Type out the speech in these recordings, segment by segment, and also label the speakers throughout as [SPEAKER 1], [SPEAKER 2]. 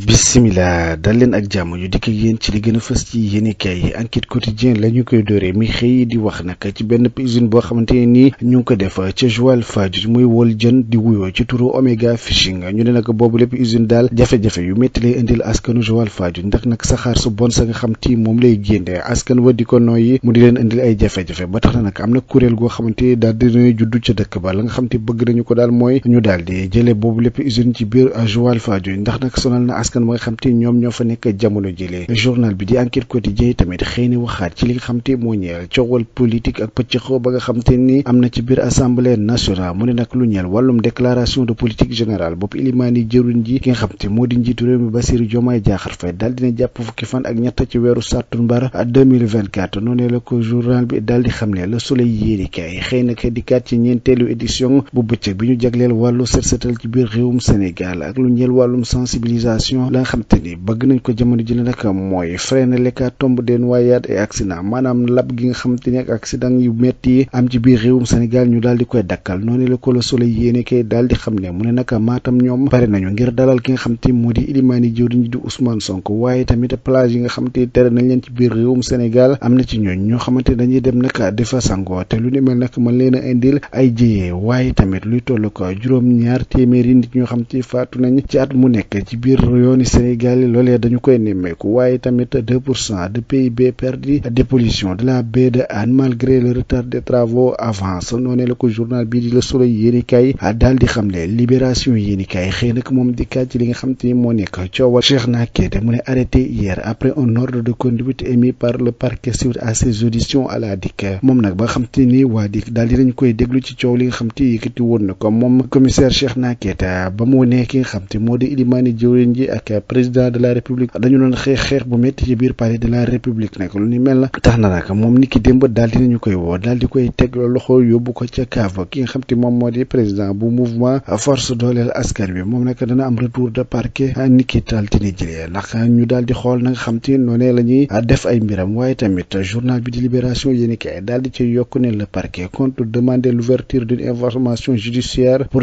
[SPEAKER 1] bisimila dal leen ak jàmm yu dikk yéen ci li gën a fës ci yéenekaay yi enquête quotidien la ñu koy dooree mi xëy di wax nag ci benn usine boo xamante ne nii ñu ngi ko def ca Joal Fadiouth muy wol jën di wuyoo ci turu Omega Fishing ñu ne nag boobu lépp usine daal jafe yu métti lay indil askanu Joal Fadiouth ndax nag saxaar su bon sa nga xam ti moom lay génne askan wa di ko nooyi mu di leen indil ay jafe ba tax na nag am na kuréel goo xamante daal dinañu juddu ca dëkk ba la nga xam te bëgg nañu ko daal mooy ñu daal di jëlee boobu lépp usine ci biir Joal Fadiouth ndax nag sonal na askan wi nga xam te ñoom ñoo fa nekk jamono jile journal bi di enquête quotidien tamit xëy na waxaat ci li nga xam te moo ñeel coowal politique ak pëccëxoo ba nga xam ni am na ci biir assemblée nationale mu ne nag lu ñeel wàllum déclaration de politique générale boobu ilimaani jëruñ ji ki nga xam te moo di njiitu réew mi Bassirou Diomaye Diakhar Faye daal dina jàpp fukki fan ak ñett ci weeru sàttumbar 2024 noonee la ko journal bi daal di xam ne Le Soleil yéenekaay xëy na dikkaat ci ñeenteelu édition bu bëccëg bi ñu jagleel wàllu set setal ci biir lu sensibilisation attention la nga xam te ni bëgg nañ ko jamono ji nag mooy freiner les cas tombés des noyades et accidents maanaam lab gi nga xam te ni ak accident yu métti yi am ci biir réewum Sénégal ñu daal di koy dakkal noonu la ko Le Soleil yéene kay daal xam ne mu ne nag Matam ñoom pare nañu ngir dalal ki nga xam te moo di ilimaani jëwriñ di Ousmane Sonko waaye tamit plage yi nga xam te tere nañ leen ci biir réewum Sénégal am na ci ñooñ ñoo xamante dañuy dem nag di fa te lu ni mel nag mën leen a indil ay jiyee waaye tamit luy toll ko juróom ñaar téeméeri nit ñoo xam te yooni Sénégal loolee dañu koy nemmeeku waaye tamit deux pour cent de PIB perdu dépollution de la baie de Hann malgré le retard des travaux avance noonee la journal bii di Le Soleil yéenekaay daal di xam Libération yéenekaay xëy nag moom di li nga xam moo nekk coowal Cheikh Nakété mu ne arrêté hier après un ordre de conduite émis par le parquet suite à ses auditions la DIC moom nag ba nga ni waa DIC daal di nañ koy déglu ci coow li nga xam yëkkati ak président de la république dañu doon xeex xeex bu métti ci biir palais de la république nag lu ni mel na tax na nag moom niki démb daal dinañu koy woo daal di koy teg loxo yóbbu ko ca kaaf ki nga xam moom moo di président bu mouvement force dooleel askan wi moom nag dana am retour de parquet niki taltini jëlee ndax ñu daal di xool na nga xam noonee la ñuy def ay mbiram waaye tamit journal bi di libération yéeni kaay daal di ci yokk ne le parquet compte demander l'ouverture d'une information judiciaire pour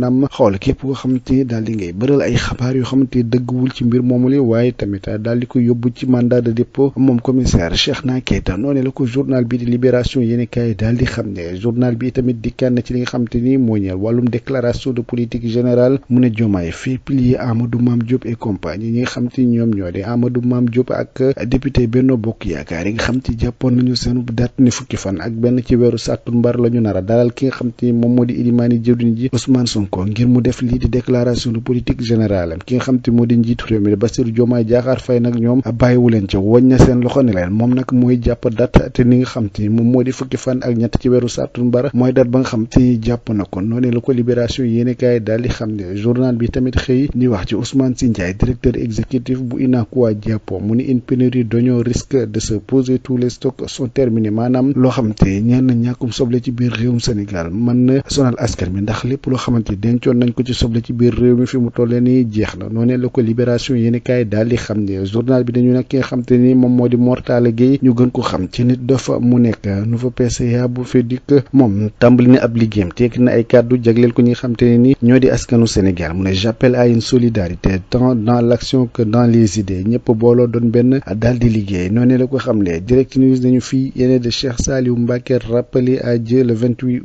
[SPEAKER 1] maanaam xool képp koo xamante ni daal di ngay bëral ay xabaar yoo xamante ni dëgguwul ci mbir moomu li waaye tamit daal di ko yóbbu ci mandat de dépôt moom commissaire Cheikhna Keita noonee la ko journal bi di libération yéen kaay di xam ne journal bi tamit di kenn ci li nga xamante ni moo ñeel wàllum déclaration de politique générale mu ne Diomaye fii pilier Amadou Mame Diop et compagnie ñi nga xamante ni ñoom ñoo di Amadou Mame Diop ak député Benno Bokk Yaakaar yi nga xam te jàppoon nañu seen date ne fukki fan ak benn ci weeru sàttumbar la ñu nar a ki nga xam moom moo di Ilimani jëwriñ ji Ousmane Sonko ngir mu def lii di déclaration de politique générale ki nga xam te moo di njiitu réew mi Bassirou Diomaye Diakhar Faye nag ñoom bàyyiwu leen ca woñ seen loxo ne leen moom nag mooy jàpp date te ni nga xam te moom moo di fukki fan ak ñett ci weeru sattumbar mooy date ba nga xam te jàpp na ko noonu la ko libération yéene kaay daal di xam ne journal bi tamit xëy di wax ci Ousmane Sy Ndiaye directeur exécutif bu Unacois Diapo mu ni une pénurie d'oignons loo xam te ñenn ñàkkum soble bi ndax lépp yi dencoon nañ ko ci soble ci biir réew mi fi mu tollee nii jeex na noonee la ko libération yéeni kaay di xam ne journal bi dañu nag ki nga xam moom moo di Mortalla Gueye ñu gën ko xam ci nit dafa mu nekk nouveau PCA bu FEDIC moom tàmbali na ab liggéeyam tekki na ay kàddu jagleel ko ñi nga te ni ñoo di askanu Sénégal mu ne j'appelle à une solidarité tant dans l'action que dans les idées ñëpp booloo doon benn daal di liggéey noonee la ko xam ne direct news nañu fii yéene de Cheikh Saliou Mbacké rappelé à Dieu le 28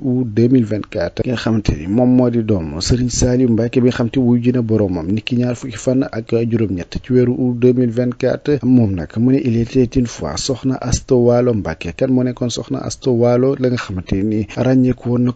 [SPEAKER 1] doom Serigne Saliou Mbacke bi nga xam te wuy jëna boroomam ni ki ñaar fukki fan ak juróom-ñett ci weeru août 2024 moom nag mu ne il était une fois soxna Asto Waalo Mbacke kan moo nekkoon soxna Asto Waalo la nga xamante ni ràññeeku la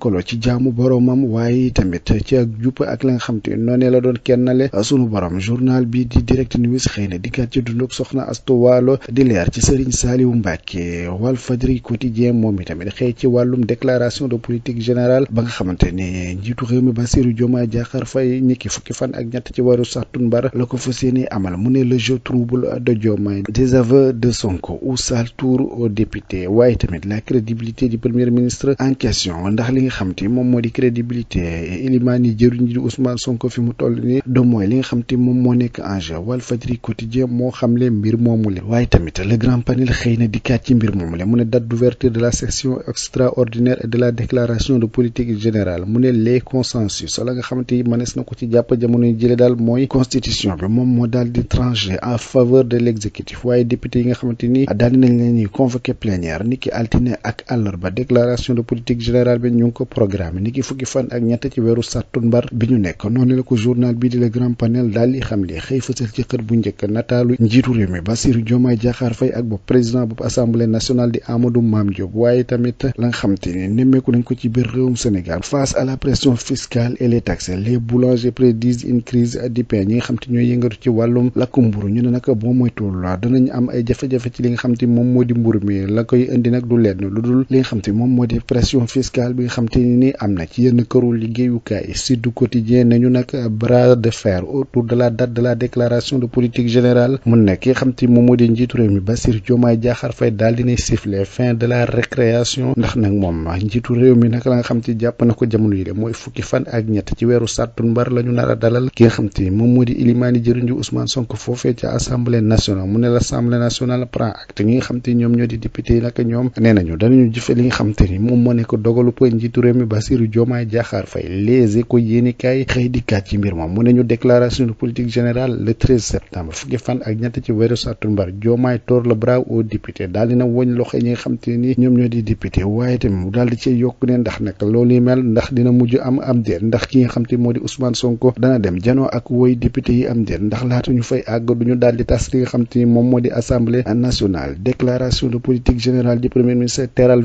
[SPEAKER 1] nga xamante ni noonee la doon kennale sunu borom journal bi di direct news xëy na dikkaat ci dundug soxna Asto Waalo di leer ci Serigne Saliou Mbacke Walfadjri quotidien moom itamit xëy ci wàllum déclaration de politique générale ba nga xamante ni njiitu réew mi ba Bassirou Diomaye Diakhar Faye ni ki fukki fan ak ñett ci waru sàttumbar la ko fas yéene amal mu ne le jeu trouble de Diomaye des aveux de Sonko ou sale tour aux députés waaye tamit la crédibilité du premier ministre en question ndax li nga xam te moom moo di crédibilité ilimaani jëriñ di Ousmane Sonko fi mu toll ni do mooy li nga xam te moom moo nekk enjeu Walf Fadjri quotidien moo xam xamle mbir moomu le waaye tamit le grand panel xëy na dikkaat ci mbir moomu le mu ne date de la session extraordinaire et de la déclaration de politique générale consensus la nga xamante ni mënees na ko ci jàpp jamono yi jële daal mooy constitution bi moom moo daal di tranché en faveur de l' waaye député yi nga xamante ni daal dinañ leen ñuy convoqué plénière ni ki altine ak àllarba de politique générale bi ñu ko programme ni ki fukki fan ak ñett nekk noonu la ko journal bii di le grand panel daal di xëy fësal ci xët bu njëkk nataalu njiitu réew mi Bassirou Diomaye Diakhar Faye ak bopp président boobu assemblée nationale di Amadou Mame Diop waaye tamit la nga xamante ni nemmeeku nañ ko ci biir réewum Sénégal face à la pression fiscale nationale et les taxes les boulangers prédisent une crise du pain ñi nga xam te ñooy yëngatu ci wàllum lakku mburu ñu ne nag boo moytuwul danañ am ay jafe-jafe ci li nga xam te moom moo di mburu mi la koy xam te moom moo di pression fiscale bi nga xam te ni am na ci yenn këru liggéeyukaay si du quotidien nañu nag bras de fer autour de la date de la déclaration de politique générale mun na ki nga xam moom moo di njiitu réew mi Bassirou fay Diakhar Faye daal dinay siffler fin de la récréation ndax nag moom njiitu réew mi nag la xam te ak ñett ci weeru sàttumbar la ñu nar a dalal ki nga xam te ni moom moo di ilimaani jëriñu Ousmane Sonko foofee ca assemblée nationale mu ne l'assemblée nationale prend acte ñi nga ñoom ñoo di député waaye tamit daal di ci yokk ne ndax nag loolu mel ndax dina mujj am am ndax ki nga xam te moo di Ousmane Sonko dana dem janoo ak woy député yi am déet ndax laata ñu fay àgg du ñu daal di tas li nga xam moom moo di assemblée nationale déclaration de politique générale du premier ministre teral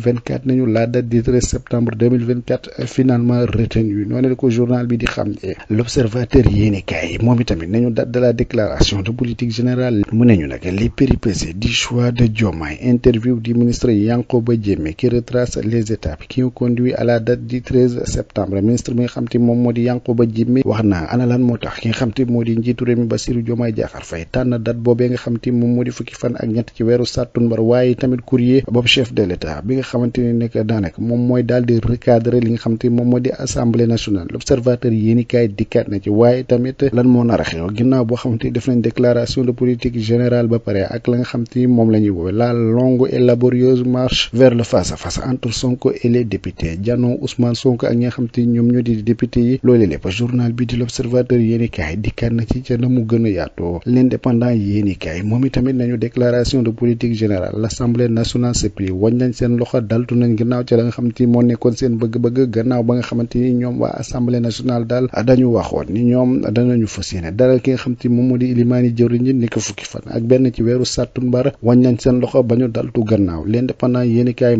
[SPEAKER 1] nañu la date du septembre 2024 finalement retenue noonu la ko journal bi di xam l'observateur yéeni moom itamit nañu date de la déclaration de politique générale mu ne ñu nag les péripéties du choix de Diomaye interview du ministre Yankoba xam te moom moo di Yankoba Jimmi wax na ana lan moo tax ki nga xam moo di njiitu réew mi Bassirou Diomaye Diakhar Faye tànn date boobee nga xam moom moo di fukki fan ak ñett ci weeru sàttumbar waaye tamit courrier boobu chef de l'État bi nga xamante nekk daanaka moom mooy daal di recadrer li nga xam moom moo di assemblée nationale l'observateur yéeni kaay dikkaat na ci waaye tamit lan moo nar a xew ginnaaw boo xam def nañ déclaration de député yi loole lépp journal bi di l'observateur yéeni kaay dikkaat na ci ca na mu gën a yaatoo l'indépendant yéeni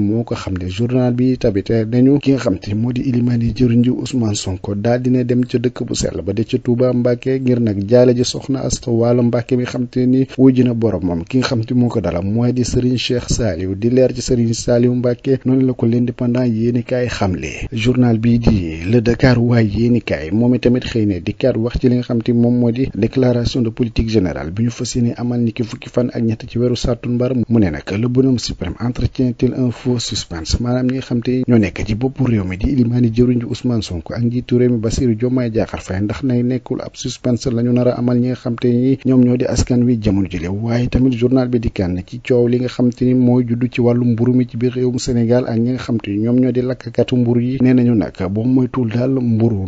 [SPEAKER 1] moo ko xam ne journal bi tamit nañu ki nga xamante ni moo di ilimaani jëwriñ ji Ousmane Sonko daal dina dem ca dëkk bu sell ba de ca Touba Mbacke ngir nag jaale ji soxna Asta Waalo Mbacke mi xam te ni wujj na borom moom ki nga xam te moo ko dala mooy di Serigne Cheikh Saliou di leer ci Serigne Saliou Mbacke noonu la ko l'indépendant yéeni kaay xamle journal bii di le Dakar waay yéeni kaay moom itamit xëy na di kaat wax ci li nga xam te moom moo di déclaration de politique général bi ñu fa yéene amal ni ki fukki fan ak ñett ci weeru sàttumbar mu ne nag le bonhomme suprême entretient-il un faux suspense maanaam ñi nga xam ñoo nekk ci boppu réew mi di ilimaani jëruñ ji Ousmane Sonko ak njiitu réew mi Bassirou Diomaye Diakhar Faye ndax nay nekkul ab suspense la ñu a amal ñi nga xam te ñoom ñoo di askan wi jamono jile waaye tamit journal bi di kànn ci coow li nga xam mooy juddu ci wàllu mburu mi ci biir réewum Sénégal ak ñi nga xam te ni ñoom ñoo di lakkatu mburu yi nee nañu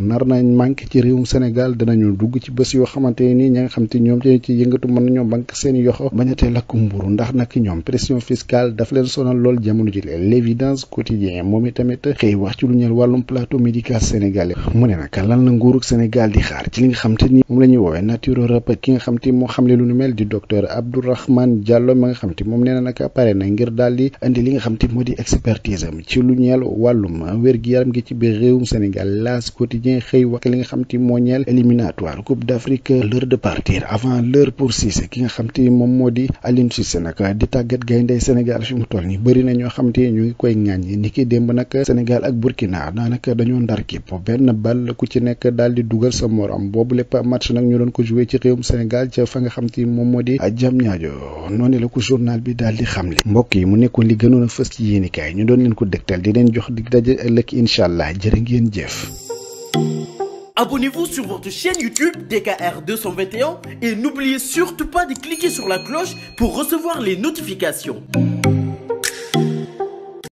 [SPEAKER 1] nar nañ manqué ci réewum Sénégal danañu dugg ci bés yoo xamante ni ñi nga xam te ñoom ci yëngatu mën nañoo banque seen yoxo bañatee lakk mburu ndax nag ñoom pression fiscale daf leen sonal lool jamono jile l'évidence quotidien moom itamit xëy wax ci mu ne nag lan la nguurug Sénégal di xaar ci li nga xam te ni moom la ñuy woowee nature rap ki nga xam te moo xamle lu nu mel di docteur Abdourahmane Diallo ma nga xam te moom nee na nag pare ngir daal di indi li nga xam te moo di expertise am ci lu ñeel wàllum wér-gi-yaram gi ci biir réewum Sénégal laas quotidien xëy wax li nga xam te moo ñeel éliminatoire coupe d'Afrique l'heure de partir avant l'heure pour Cissé ki nga xam te moom moo di Aliou si nag di tàggat gaynde Sénégal fi mu toll ni bëri na ñoo xam te ñu ngi koy ŋàññi ni ki démb nag Sénégal ak Burkina daanaka dañoo ndar képp benn benn bal ku ci nekk daal di dugal sa morom boobu lépp match nag ñu doon ko joué ci réewum Sénégal ca fa nga xam te di Diamniadio noonu bi daal di xamle mbokk yi mu nekkoon li gënoon a fës ci yéenikaay ñu doon leen ko dëgtal di leen jox dig daje ëllëg incha allah jërë ngeen jëf. Abonnez-vous sur votre chaîne YouTube DKR et n'oubliez surtout pas de cliquer sur la cloche pour recevoir les notifications.